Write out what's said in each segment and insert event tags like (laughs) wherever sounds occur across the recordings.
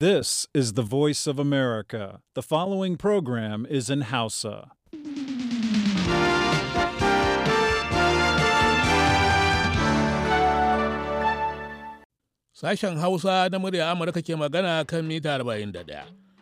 This is the voice of America. The following program is in Hausa. Sashen Hausa na murya Amurka ke magana kan mita 41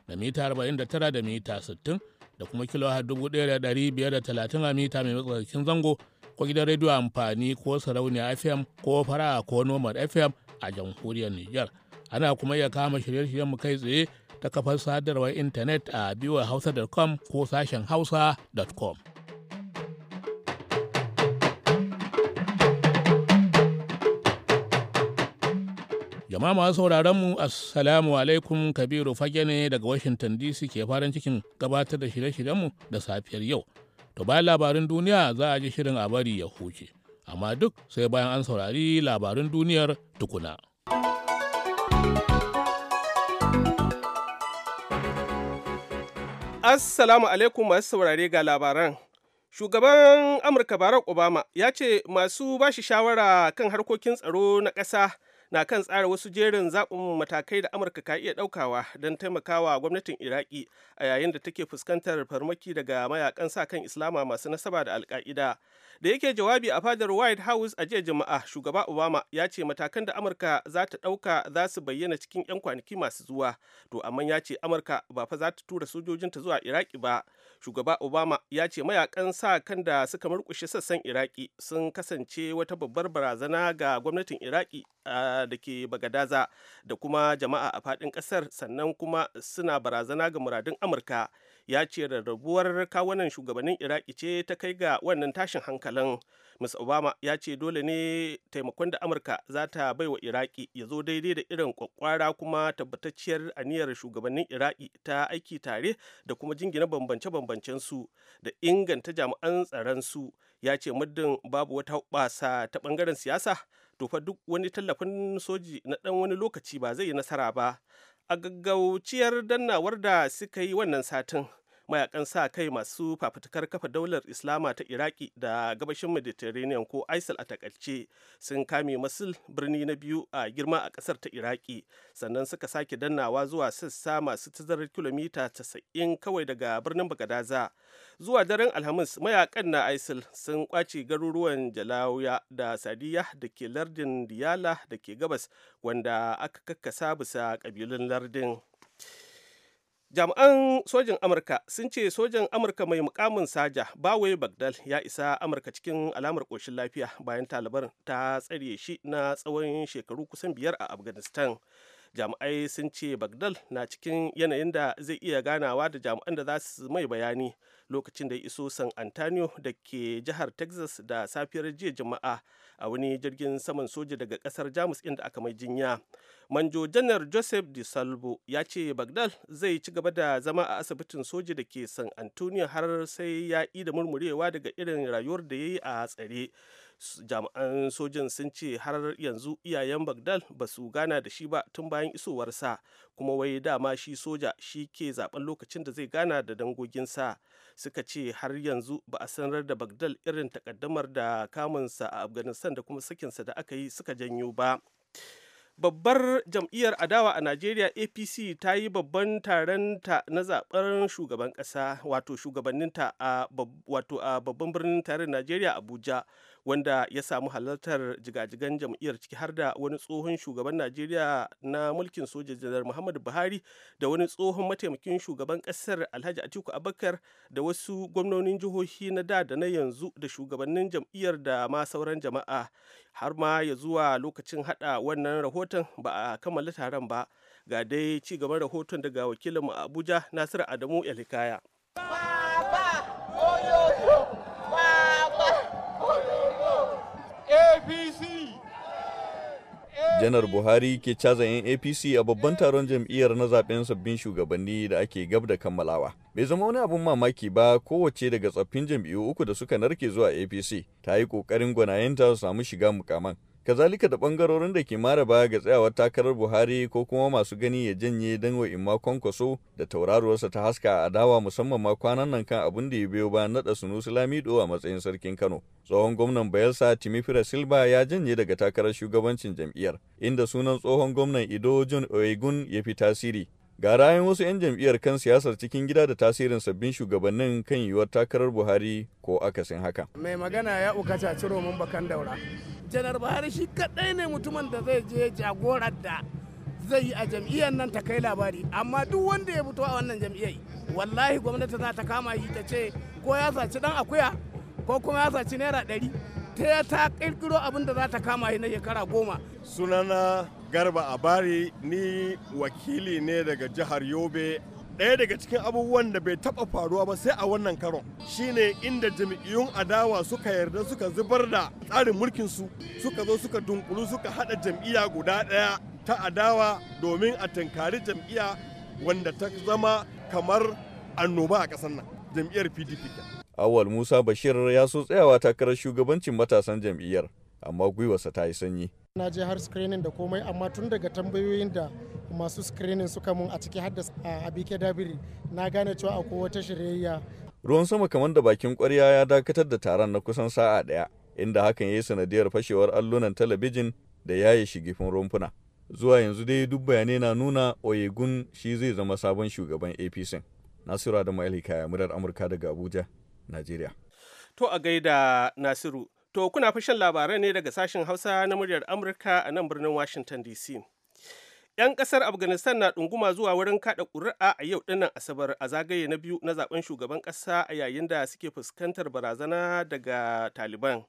da mita 49 da mita 60 da kuma kilo 1530 a mita mai matsakaicin zango ko gidan rediyo amfani ko sarauniya FM ko fara ko nomad FM a jamhuriyar Nijar. ana kuma iya kama shirye-shiryen mu kai tsaye ta kafar sadarwar intanet a hausa.com ko sashen hausa.com. Jam'a masu sauraron mu Assalamu alaikum Kabiru fage ne daga Washington DC ke farin cikin gabatar da shirye-shiryenmu da safiyar yau. To bayan labarin duniya za a ji shirin a bari ya huce, amma duk sai bayan an saurari labarin duniyar tukuna. Assalamu alaikum masu saurare ga labaran. Shugaban Amurka Barack Obama ya ce masu ba shi shawara kan harkokin tsaro na ƙasa na kan tsara wasu jerin zaɓin matakai da Amurka ka iya ɗaukawa don taimakawa gwamnatin Iraki a yayin da take fuskantar farmaki daga mayakan sa kan Islama masu nasaba da Alƙa'ida. da yake jawabi a fadar white house a jiya juma'a shugaba obama ya ce matakan da amurka za ta ɗauka za su bayyana cikin 'yan kwanaki masu zuwa to amma ya ce amurka ba fa za ta tura sojojinta zuwa iraki ba shugaba obama ya ce mayakan sa kan da suka murkushe sassan iraki sun kasance wata babbar barazana ga gwamnatin iraki da ke bagadaza da kuma jama'a a faɗin ƙasar sannan kuma suna barazana ga muradun amurka ya ce rarrabuwar kawunan shugabannin iraki ce ta kai ga wannan tashin hankalin ms obama ya ce dole ne taimakon da amurka za ta bai wa iraki ya zo daidai da irin kwakwara kuma tabbatacciyar aniyar shugabannin iraki ta aiki tare da kuma jingina bambance-bambancen su da inganta jami'an tsaron su ya ce muddin babu wata hubasa ta bangaren siyasa to fa duk wani tallafin soji na dan wani lokaci ba zai yi nasara ba a gaggauciyar dannawar da suka yi wannan satin mayakan sa kai masu fafutukar kafa daular islama ta iraki da gabashin mediterranean ko isil a takalce sun kame masul birni na biyu a girma a kasar ta iraki sannan suka sake dannawa zuwa sassa masu tazarar kilomita 90 kawai daga birnin bagadaza zuwa daren alhamis mayakan na isil sun kwace garuruwan jalauya da sadiya da ke lardin diyala da ke gabas wanda aka kakkasa bisa kabilun lardin jami'an sojin amurka sun ce sojan amurka mai mukamin saja bawai bagdal ya isa amurka cikin alamar koshin lafiya bayan taliban ta tsare shi na tsawon shekaru kusan biyar a afghanistan jami'ai sun ce bagdal na cikin yanayin da zai iya ganawa da jami'an da za su mai bayani lokacin da ya iso san antonio da ke jihar texas da safiyar jiya juma'a a wani jirgin saman soja daga kasar jamus inda aka mai jinya manjo janar joseph de salvo ya ce bagdal zai ci gaba da zama a asibitin soja da ke san antonio har sai ya da murmurewa daga irin rayuwar da ya yi a tsare jami'an sojin sun ce har yanzu iyayen bagdal ba su gana da shi ba tun bayan isowarsa kuma wai dama shi soja shi ke zaben lokacin da zai gana da dangoginsa suka ce har yanzu ba a sanar da bagdal irin takaddamar da kamunsa a afghanistan da kuma sakinsa da aka yi suka janyo ba babbar jam'iyyar adawa a najeriya apc ta yi babban taron ta na zaben shugaban kasa wato shugabanninta a babban birnin tarin najeriya abuja wanda ya samu halartar jigajigan jam'iyyar ciki har da wani tsohon shugaban najeriya na mulkin soja janar muhammadu buhari da wani tsohon mataimakin shugaban kasar alhaji atiku abakar da wasu gwamnonin jihohi na da da na yanzu da shugabannin jam'iyyar da ma sauran jama'a har ma ya zuwa lokacin hada wannan rahoton ba a kammala taron ba ga dai ci gaban rahoton daga wakilinmu abuja nasiru adamu elikaya. janar buhari ke caza 'yan apc a babban taron jam'iyyar na zaben sabbin shugabanni da ake gab da kammalawa bai zama wani abun mamaki ba kowace daga tsaffin jam'iyyu uku da suka narke zuwa apc ta yi ƙoƙarin gwanayenta su samu shiga mukaman kazalika da bangarorin da ke mara baya ga tsayawar takarar buhari ko kuma masu gani ya janye don wa'in makon kwankwaso da tauraruwarsa ta haska a adawa musamman ma kwanan nan kan abin da ya biyo bayan naɗa sunusu lamido a matsayin sarkin kano tsohon gwamnan bayelsa timifira silba ya janye daga takarar shugabancin jam'iyyar inda sunan tsohon gwamnan ido john oegun ya fi tasiri Ga rayan wasu 'yan jam'iyyar kan siyasar cikin gida da tasirin sabbin shugabannin kan yiwuwar takarar Buhari ko akasin haka. Mai magana ya ukata ciro mun bakan daura. Janar Buhari shi kaɗai ne mutumin da zai je jagorar da zai yi a jam'iyyar nan ta kai labari amma duk wanda ya fito a wannan jam'iyyar wallahi gwamnati za ta kama shi ta ce ko ya saci dan akuya ko kuma ya saci naira ɗari ta ta kirkiro abin da za ta kama shi na shekara goma. Sunana garba abari ni wakili ne daga jihar yobe ɗaya daga cikin abubuwan da bai taɓa faruwa ba sai a wannan karon shine inda jam'iyyun adawa suka yarda suka zubar da tsarin mulkinsu suka zo suka dunkulu suka haɗa jam'iyya guda ɗaya ta adawa domin a tankari jam'iyya wanda ta zama kamar annoba a ƙasar nan jam'iyyar pdp awal musa bashir ya so tsayawa takarar shugabancin matasan jam'iyyar amma gwiwarsa ta yi sanyi na je har screening da komai amma tun daga tambayoyin da masu screening suka mun a ciki haddasa a abike dabiri na gane cewa akwai wata shirayya ruwan sama kamar da bakin kwarya ya dakatar da taron na kusan sa'a daya inda hakan ya yi sanadiyar fashewar allunan talabijin da yaye shigifin rumfuna zuwa yanzu dai duk bayanai na nuna oyegun shi zai zama sabon shugaban apc nasiru adamu alhikaya murar amurka daga abuja najeriya to a gaida nasiru To kuna fashin labarai ne daga sashen Hausa na muryar Amurka a nan birnin Washington DC. 'Yan kasar Afghanistan na ɗunguma zuwa wurin kada ƙuri'a a yau ɗinnan Asabar a zagaye na biyu na zaben shugaban ƙasa a yayin da suke fuskantar barazana daga Taliban.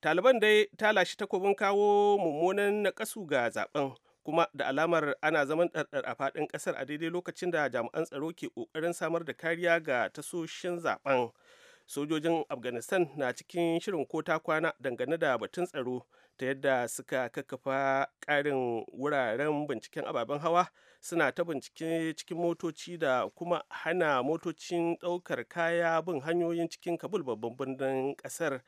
Taliban dai ta lashe takobin kawo mummunan naƙasu ga zaben kuma da alamar ana zaman ɗarɗar a faɗin ƙasar a daidai lokacin da jami'an tsaro ke ƙoƙarin samar da kariya ga tasoshin zaben. sojojin afghanistan na cikin shirin ko ta kwana dangane da batun tsaro ta yadda suka kakkafa karin wuraren binciken ababen hawa suna ta bincike cikin motoci da kuma hana motocin ɗaukar kaya bin hanyoyin cikin kabul babban birnin ƙasar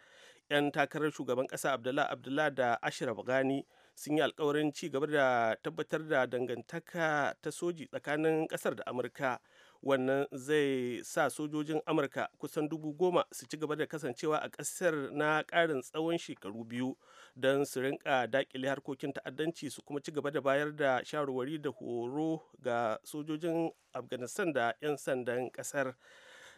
'yan takarar shugaban ƙasa abdullah abdullah da ashraf ghani sun yi alkawarin ci gaba da tabbatar da dangantaka ta soji tsakanin ƙasar da amurka wannan zai sa sojojin amurka kusan dubu goma su ci gaba da kasancewa a ƙasar na ƙarin tsawon shekaru biyu don su rinka daƙile harkokin ta'addanci su kuma ci gaba da bayar da shawarwari da horo ga sojojin afghanistan da 'yan sandan ƙasar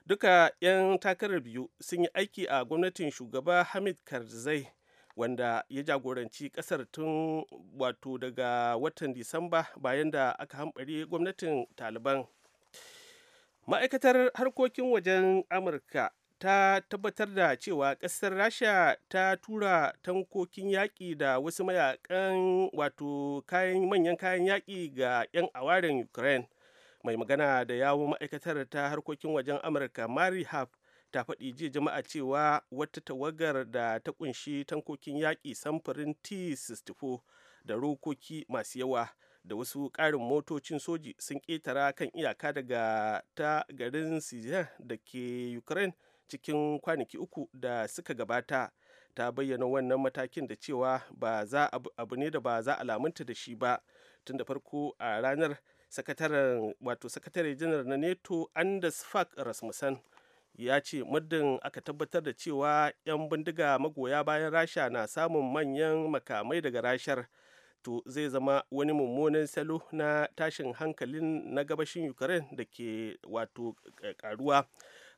duka 'yan takarar biyu sun yi aiki a gwamnatin shugaba hamid karzai wanda ya jagoranci kasar tun wato daga watan disamba bayan da aka hamɓare gwamnatin taliban ma'aikatar harkokin wajen amurka ta tabbatar da cewa ƙasar rasha ta tura tankokin yaƙi da wasu mayakan wato kayan manyan kayan yaƙi ga 'yan awarin ukraine mai magana da yawo ma'aikatar ta harkokin wajen amurka mari haf ta faɗi jiya jama'a cewa wata tawagar da ta kunshi tankokin yaƙi samfurin t-64 da rokoki masu yawa da wasu ƙarin motocin soji sun ƙetara kan iyaka daga ta garin Sijan da ke Ukraine cikin kwanaki uku da suka gabata ta bayyana wannan matakin da cewa ba za abu ne da ba za a lamunta da shi ba tun da farko a ranar sakataren wato sakatare janar na neto anders fak rasmussen ya ce muddin aka tabbatar da cewa 'yan bindiga magoya bayan rasha na samun manyan makamai daga rashar to zai zama wani mummunan salo na tashin hankalin na gabashin ukraine da ke wato karuwa eh,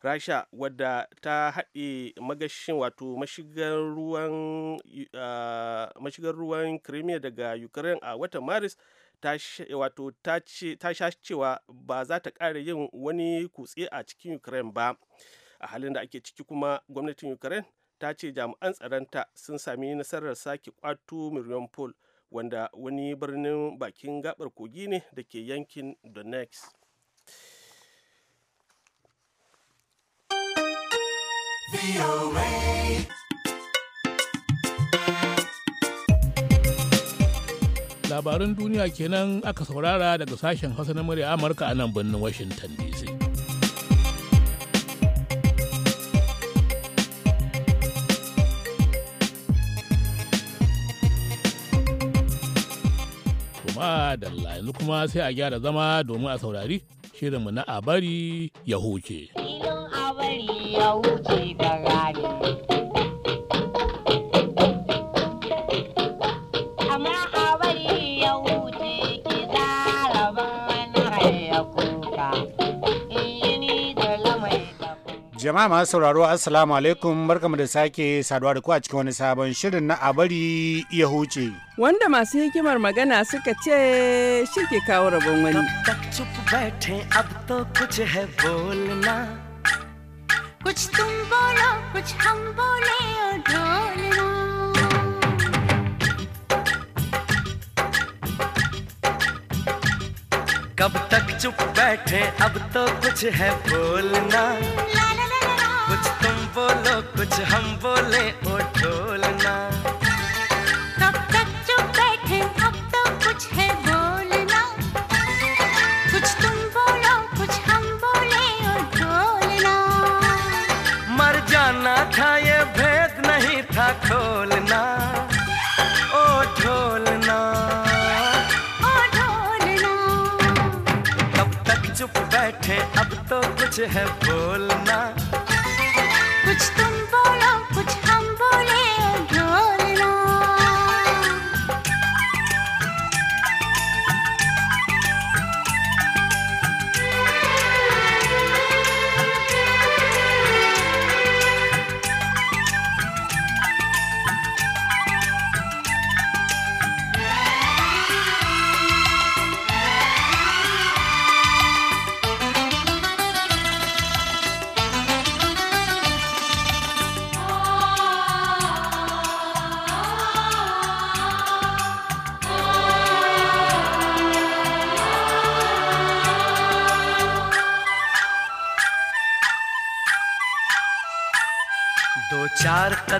rasha wadda ta haɗe magashin wato mashigar ruwan ah, crimea daga ukraine a watan maris ta sha cewa ba za ta ƙara yin wani kutse a cikin ukraine ba a halin da ake ciki kuma gwamnatin ukraine ta ce jami'an tsaronta sun sami nasarar sake kwato miliyan pol wanda wani birnin bakin gabar kogi ne da ke yankin donetsk labaran duniya kenan aka saurara daga sashen hausa na murya amurka a nan birnin washington dc dalla yanzu kuma sai a gyara zama domin a saurari mu na abari ya huce. Ilon abari ya huce garari. Jama'a masu sauraro Assalamu alaikum barkamu da sake saduwa da ku a cikin wani sabon shirin na abari ya huce. Wanda masu hikimar magana suka ce shi ke kawo rabon wani. कब तक चुप बैठे अब तो कुछ है बोलना बोलो कुछ हम बोले ओ ढोलना कब तक चुप बैठे अब तो कुछ है बोलना कुछ तुम बोलो कुछ हम बोले ओ ढोलना मर जाना था ये भेद नहीं था खोलना ओ ढोलना ओ ढोलना कब तक चुप बैठे अब तो कुछ है बोलना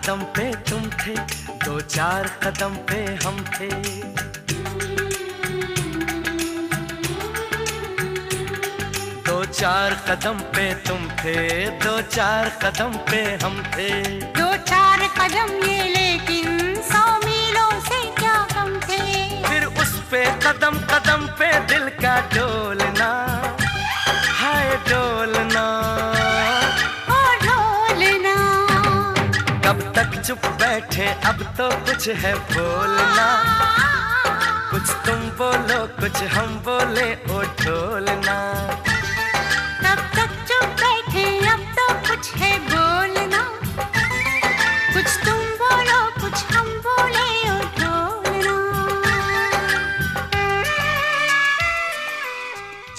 कदम पे तुम थे दो चार कदम पे हम थे दो चार कदम पे तुम थे दो चार कदम पे हम थे दो चार कदम ये लेकिन सौ मीलों से क्या कम थे फिर उस पे कदम कदम पे दिल का डोलना मुझे अब तो कुछ है बोलना कुछ तुम बोलो कुछ हम बोले ओ ढोलना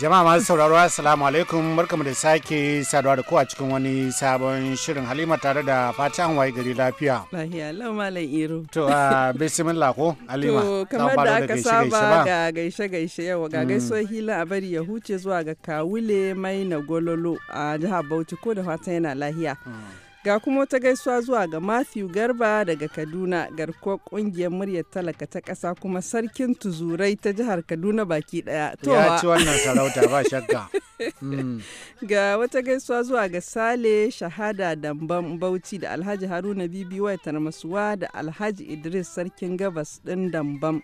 jama'a masu sauraro assalamu alaikum barkamu da sake saduwa da ku a cikin wani sabon shirin halima tare da fatan waye gari lafiya lafiya lau malam iru to a bismillah ko halima to kamar da aka saba ga gaishe gaishe yau ga mm. gaiso hila a bari ya huce zuwa ga kawule mai na gololo a jihar bauchi ko da fatan yana lahiya mm. Ga kuma wata gaisuwa zuwa ga Matthew Garba daga Kaduna garkuwar kungiyar muryar talaka ta ƙasa kuma sarkin tuzurai ta jihar Kaduna baki daya Ya ci wannan sarauta ba shakka. Mm. (laughs) Ga wata gaisuwa zuwa ga Sale Shahada Damban Bauchi da Alhaji Haruna Bibi Tarmasuwa da Alhaji Idris Sarkin Gabas ɗin damban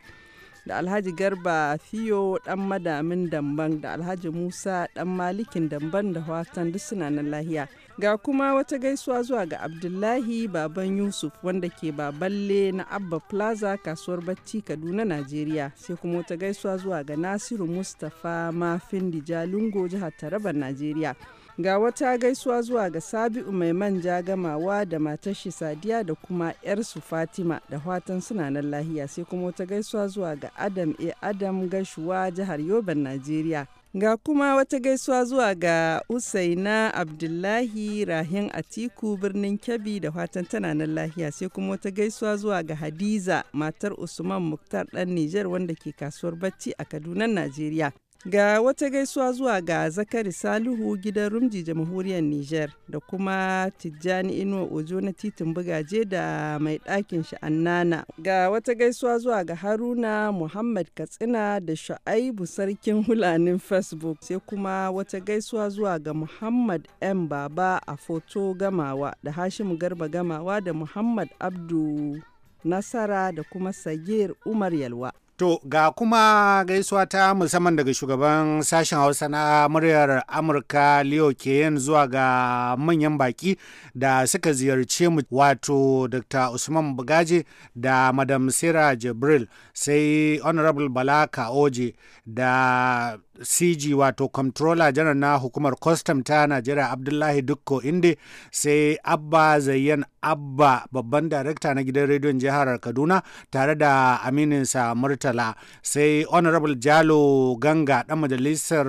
da alhaji garba fiyo dan madamin damban da alhaji musa dan malikin damban da watan duk suna nan lahiya Ga kuma wata gaisuwa zuwa ga Abdullahi Baban Yusuf wanda ke baballe na Abba Plaza kasuwar Bacci Kaduna, Najeriya. Sai kuma wata gaisuwa zuwa ga Nasiru Mustapha mafin dijalungo jihar Taraba, Najeriya. Ga wata gaisuwa zuwa ga Sabi'u mai manja gamawa da matar shi Sadiya da kuma 'yarsu Fatima da fatan suna nan lahiya sai kuma wata gaisuwa zuwa ga Adam e Adam Gashuwa jihar Yoban, Najeriya. Ga kuma wata gaisuwa zuwa ga Usaina Abdullahi rahim Atiku birnin Kebbi da fatan tana nan lahiya sai kuma wata gaisuwa zuwa ga Hadiza matar Usman Muktar ɗan Nijar wanda ke kasuwar bacci a Kaduna, Najeriya. Ga wata gaisuwa zuwa ga Zakari Salihu gidan Rumji jamhuriyar Nijar da kuma Tijjani Inuwa Ojo na titin bugaje da mai ɗakin sha'annana Ga wata gaisuwa zuwa ga Haruna Muhammad Katsina da sha'aibu Sarkin Hulanin Facebook sai kuma wata gaisuwa zuwa ga Muhammad M Baba a foto gamawa da hashim Garba gamawa da Muhammad Abdu Nasara da kuma Sagir Umar Yalwa. To ga kuma gaisuwa ta musamman daga shugaban sashen Hausa na muryar Amurka Leo Keyen zuwa ga manyan baki da suka ziyarce mu wato Dr. Usman Bugaje da Madam Sira Jibril sai Honorable Bala Kaoje da cg wato comptroller janar na hukumar custom ta najeriya abdullahi dukko inde sai abba zayyan abba babban darakta na gidan rediyon jihar kaduna tare da amininsa murtala sai honorable jalo ganga dan majalisar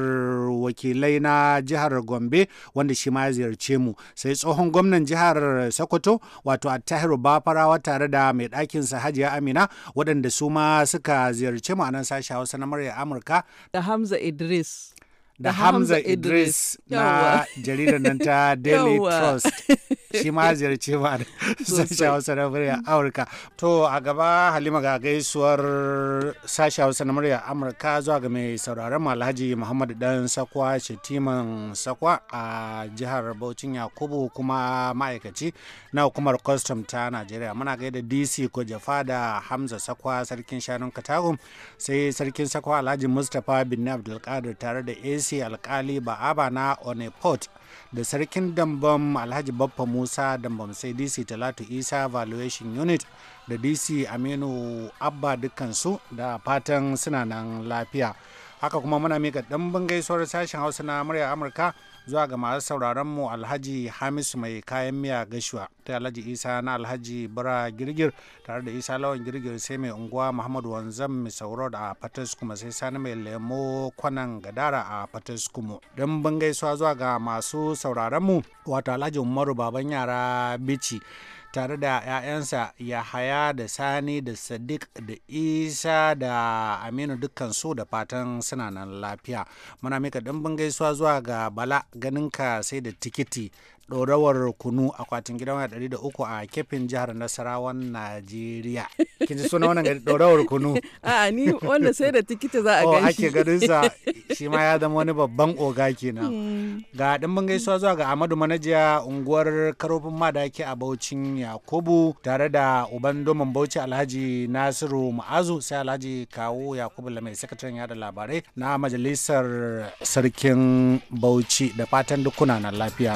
wakilai na jihar gombe wanda shi ma ya ziyarce mu sai tsohon gwamnan jihar sokoto wato attahiru bafarawa tare da mai sa hajiya amina waɗanda su ma suka ziyarce mu a nan sashen hausa na murya amurka da hamza dress da Hamza Idris na (laughs) jaridar nan ta Daily Trust shi ma ziyarci ba da (laughs) sashen Hausa na murya Amurka. To a gaba Halima ga gaisuwar sashen Hausa na murya Amurka zuwa ga mai sauraron Alhaji Muhammadu Dan Sakwa Shetiman Sakwa a jihar Bauchin Yakubu kuma ma'aikaci na hukumar custom ta Najeriya. Muna gaida DC ko Jafa da Hamza Sakwa Sarkin Shanun Katagum sai Sarkin Sakwa Alhaji Mustapha Bin Abdulkadir tare da AC sisi alkali ba'aba na port da sarkin dambam alhaji baffa musa dambam sai dc talatu isa valuation unit da dc aminu abba dukansu da fatan suna nan lafiya haka kuma muna mika ɗan gaisuwar sashen hausa na murya amurka zuwa ga masu sauraron mu alhaji hamis mai kayan miya gashuwa ta alhaji isa na alhaji bara girgir tare da isa lawan girgir sai mai unguwa muhammadu wanzam mai sauro a fatas kuma sai sani mai lemo kwanan gadara a fatas kuma don ban gaisuwa zuwa ga masu sauraron mu wato alhaji umaru baban yara bici tare da 'ya'yansa yahaya da sani da sadiq da isa da aminu dukkan su da fatan suna nan lafiya muna mika ɗimbin gaisuwa zuwa ga bala ganinka sai da tikiti ɗorawar kunu akwatin gidan waya ɗari da uku a kefin jihar nasarawan najeriya kin ji suna wannan ɗorawar kunu (laughs) a ni wanda sai da tikiti za a gan oh, ake ganin sa shi ma ya zama wani babban oga kenan hmm. ga ɗimbin gaisuwa zuwa ga amadu manajiya unguwar karofin madaki a baucin yakubu tare da uban domin bauchi alhaji nasiru ma'azu sai alhaji kawo yakubu lamai sakataren yada labarai na majalisar sarkin bauchi da fatan dukuna na lafiya.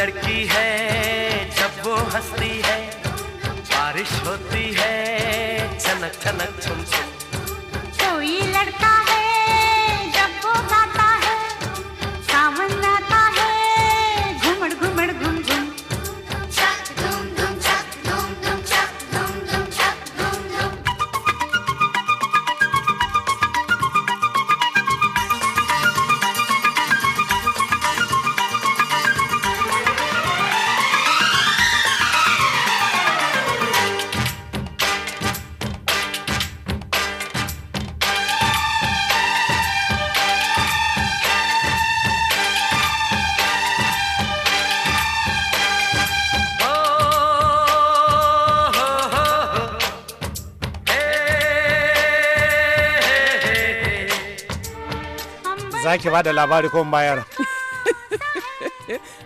लड़की है जब वो हंसती है बारिश होती है छनक छनक छुम छुम za ki ba da labari ko bayar (laughs)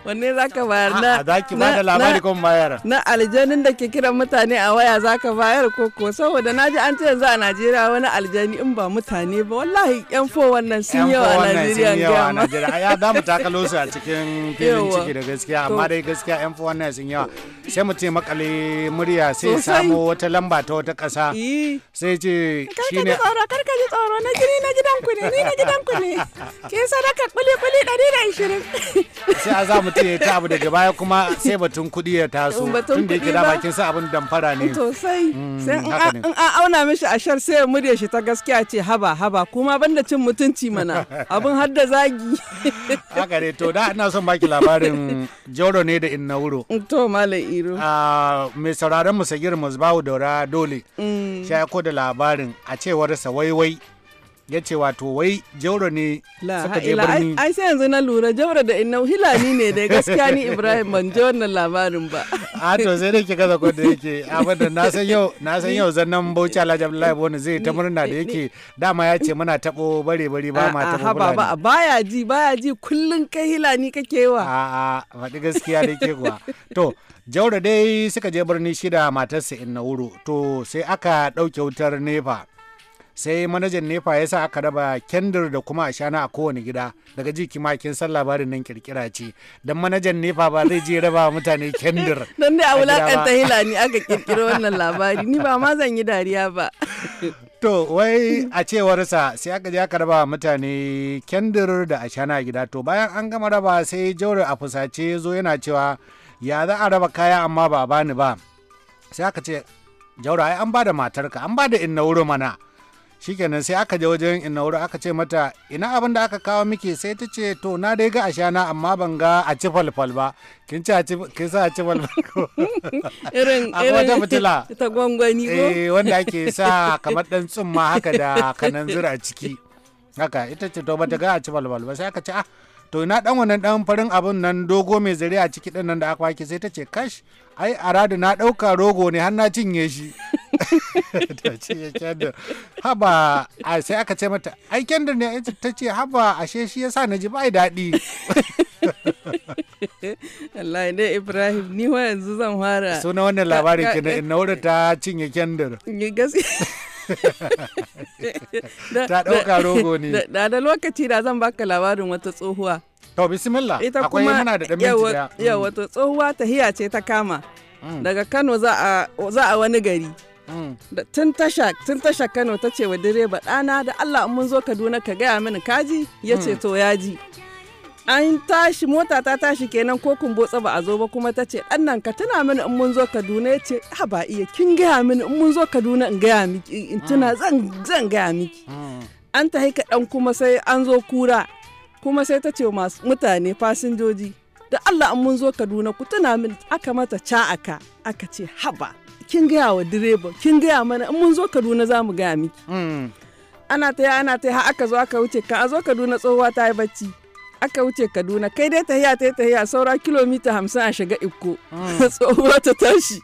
wanne za ka bayar na ba da labari kuma bayar na aljanin da ke kiran mutane a waya za ka bayar koko saboda na ji an ce yanzu a najeriya wani aljani in ba mutane ba wallahi yan fo wannan sun yawa a najeriya yawa a najeriya ya za mu takalo su a cikin filin ciki da gaskiya amma dai gaskiya yan fo wannan sun yawa sai mu ce makale murya sai samo wata lamba ta wata ƙasa sai ce shine tsoro karka ji tsoro na jini na gidanku ne ni na gidanku ne (laughs) ke sadaka kuli kuli 120 sai a za mu ce ta abu daga baya kuma sai batun kuɗi ya taso tun da yake da bakin sa abin damfara ne to mm, sai in an auna mishi a shar sai ya murya shi ta gaskiya ce haba haba kuma banda cin mutunci mana (laughs) abin har da zagi (laughs) haka ne to da ina son baki labarin joro ne da inna wuro mm, to malam iro ah, mai sauraron mu sagir musbawu daura dole mm. shi ya da labarin a cewar sa waiwai ya ce wato wai jauro ne suka je birni ai sai yanzu na lura jauro da inna hilani ne da gaskiya ni ibrahim ban ji wannan labarin ba a to sai dai ki gaza ko da yake abadan na san yau na san yau zannan bauchi alhaji abdullahi bone zai ta murna da yake dama ya ce muna tabo bare bare ba ma tabo ba ba baya ji baya ji kullun kai hilani kake wa a a faɗi gaskiya da ke kuwa to jauro dai suka je birni shida matarsa inna wuro to sai aka ɗauke wutar nefa sai manajan nefa ya sa aka raba kendir da kuma ashana a kowane gida daga ji kimakin san labarin nan kirkira ce dan manajan nefa ba zai je raba mutane kendir dan (laughs) dai a wulakanta ne aka kirkiro wannan labari ni ba ma zan yi dariya ba (laughs) to wai a cewarsa sai aka je aka raba mutane kendir da ashana a gida to bayan an gama raba sai jaure a fusace zo yana cewa ya za a raba kaya amma ba bani ba sai aka ce jauro ai an bada matarka an bada inna wuri mana shikenan sai aka je wajen inna wuri aka ce mata ina abin da aka kawo miki sai ta ce to na dai ga ashana amma ban ga a ci falfal ba kin ci a ci kin sa a ci falfal ko (laughs) irin (laughs) irin ta ta gwangwani ko eh wanda ake sa kamar dan tsumma haka da kanan zura a ciki haka ita ce to ba ta ga a ci falfal ba sai aka ce ah to ina dan wannan dan farin abun nan dogo mai zare a ciki din nan da aka wake sai ta ce kash ai aradu na ɗauka rogo ne har na cinye shi ta ce kyandir haba sai aka ce mata ai kyandir ne ta ce haba ashe shi yasa na ji bai daɗi Allah ne Ibrahim ni wa yanzu zan fara suna wannan labarin kina in naura ta cinye kyandir ta ɗauka rogo ne da lokaci da zan baka labarin wata tsohuwa to bismillah ita kuma mm. yawa to tsohuwa tahiya ce ta kama mm. daga kano za a wani gari mm. tun tasha tun tasha kano ta ce wa direba ɗana da allah mun zo kaduna ka gaya mini kaji ya ce to ji. an tashi mota ta tashi kenan ko kun botsa ba a zo ba kuma ta ce dan nan ka tuna mini in mun zo kaduna ya ce ha ba iya kin gaya mini in mun zo kaduna in gaya miki in tuna zan gaya miki an ta haika ɗan kuma sai an zo kura kuma sai ta ce masu mutane fasinjoji da Allah an mun zo Kaduna ku tuna min aka mata ca aka aka ce haba kin gaya wa direba kin gaya mana an mun zo Kaduna za mu gaya miki hmm. ana ta ana ta ha aka zo aka wuce ka a zo Kaduna tsohuwa ta yi bacci aka wuce Kaduna kai dai tahiya ta tahiya saura kilomita hamsin a shiga Ikko hmm. (laughs) tsohuwa ta tashi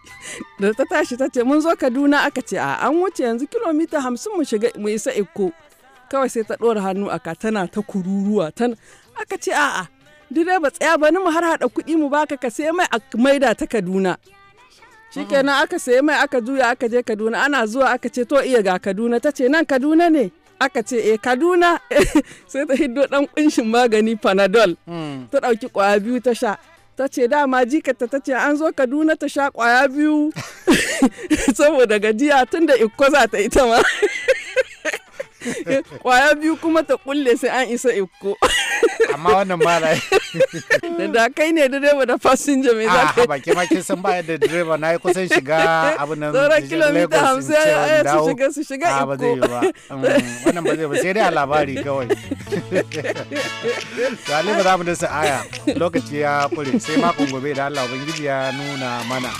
da ta tashi ta ce mun zo Kaduna aka ce a an wuce yanzu kilomita hamsin mu shiga mu isa Ikko kawai sai ta ɗora hannu a ka tana ta kururuwa tana aka ce a'a direba tsaya ni mu har haɗa kuɗi mu baka ka sai mai a maida ta kaduna shikenan aka sai mai aka juya aka je kaduna ana zuwa aka ce to iya ga kaduna ta ce nan kaduna ne aka ce eh kaduna (laughs) sai ta hiddo ɗan kunshin magani panadol hmm. ta ɗauki ƙwaya biyu ta sha ta ce dama jikata ta ce an zo kaduna ta sha ƙwaya biyu (laughs) saboda gajiya tun da ikko za ta ita ma (laughs) (laughs) kwaya biyu kuma ta kulle sai an isa ikko (laughs) amma wannan ba da (laughs) da da kai ne direba da fasinja mai zaka a baki ma kin san ba da direba na yi kusan shiga abin nan sauran kilomita hamsin ya su shiga su shiga ikko ba zai yi ba mm, wannan ba zai ba sai dai a labari kawai Salim ba za mu aya lokaci ya kure sai makon gobe da Allah ubangiji ya nuna mana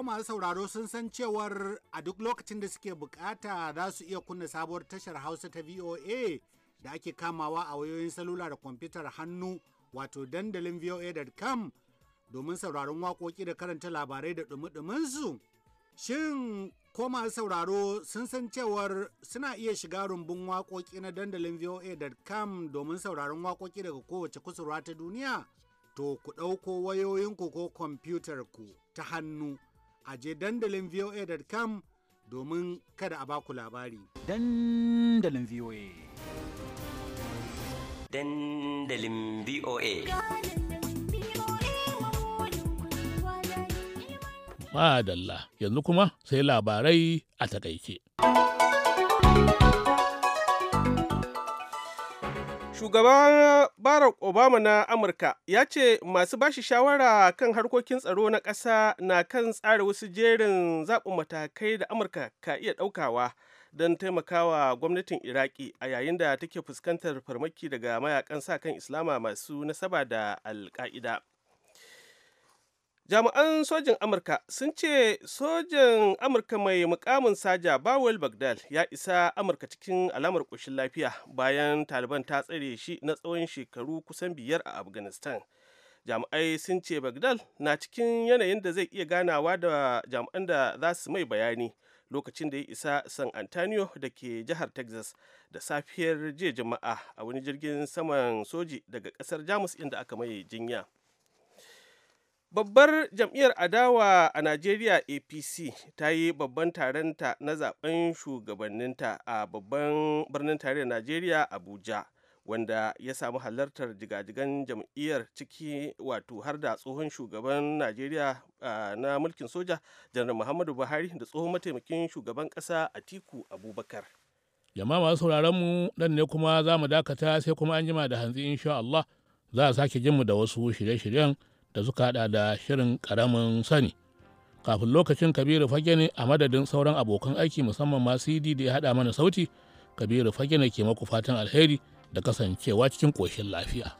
ko masu sauraro sun san cewar a duk lokacin da suke bukata za su iya kunna sabuwar tashar Hausa ta VOA da ake kamawa a wayoyin salula da kwamfutar hannu wato dandalin voa.com domin sauraron waƙoƙi da karanta labarai da ɗumi su. Shin ko masu sauraro sun san cewar suna iya shiga rumbun waƙoƙi na dandalin voa.com domin sauraron waƙoƙi daga kowace kusurwa ta duniya? To ku ɗauko wayoyinku ko kwamfutarku ku ta hannu. a je dandalin voa.com domin kada a baku labari. Dandalin VOA. Dandalin VOA. Madalla, yanzu kuma sai labarai a takaice. Shugaban Barack Obama na Amurka ya ce masu bashi shawara kan harkokin tsaro na ƙasa na kan tsara wasu jerin zaɓin matakai da Amurka ka iya ɗaukawa don taimakawa gwamnatin Iraki a yayin da take fuskantar farmaki daga mayakan sa kan Islama masu nasaba da Alƙa'ida. jami'an sojin amurka sun ce sojin amurka mai mukamin saja bawel bagdal ya isa amurka cikin alamar ƙoshin lafiya bayan taliban ta tsare shi na tsawon shekaru kusan biyar a afghanistan jami'ai sun ce bagdal na cikin yanayin da zai iya ganawa da jami'an da za su mai bayani lokacin da ya isa san antonio da ke jihar texas da safiyar jiya jama'a a wani jirgin saman soji daga kasar jamus inda aka mai jinya Babbar jam'iyyar adawa a Najeriya APC ta yi babban taronta na zaben shugabanninta a babban birnin tarayyar Najeriya Abuja wanda ya samu halartar jigajigan jam'iyyar ciki wato har da tsohon shugaban Najeriya na mulkin soja janar Muhammadu Buhari da tsohon mataimakin shugaban ƙasa Atiku Abubakar. Jama'a masu sauraron mu nan ne kuma za mu dakata sai kuma an jima da hanzi insha Allah za a sake jinmu da wasu shirye-shiryen da suka hada da shirin karamin sani kafin lokacin kabiru fage ne a madadin sauran abokan aiki musamman ma cd da ya hada mana sauti kabiru fage ne ke maku fatan alheri da kasancewa cikin ƙoshin lafiya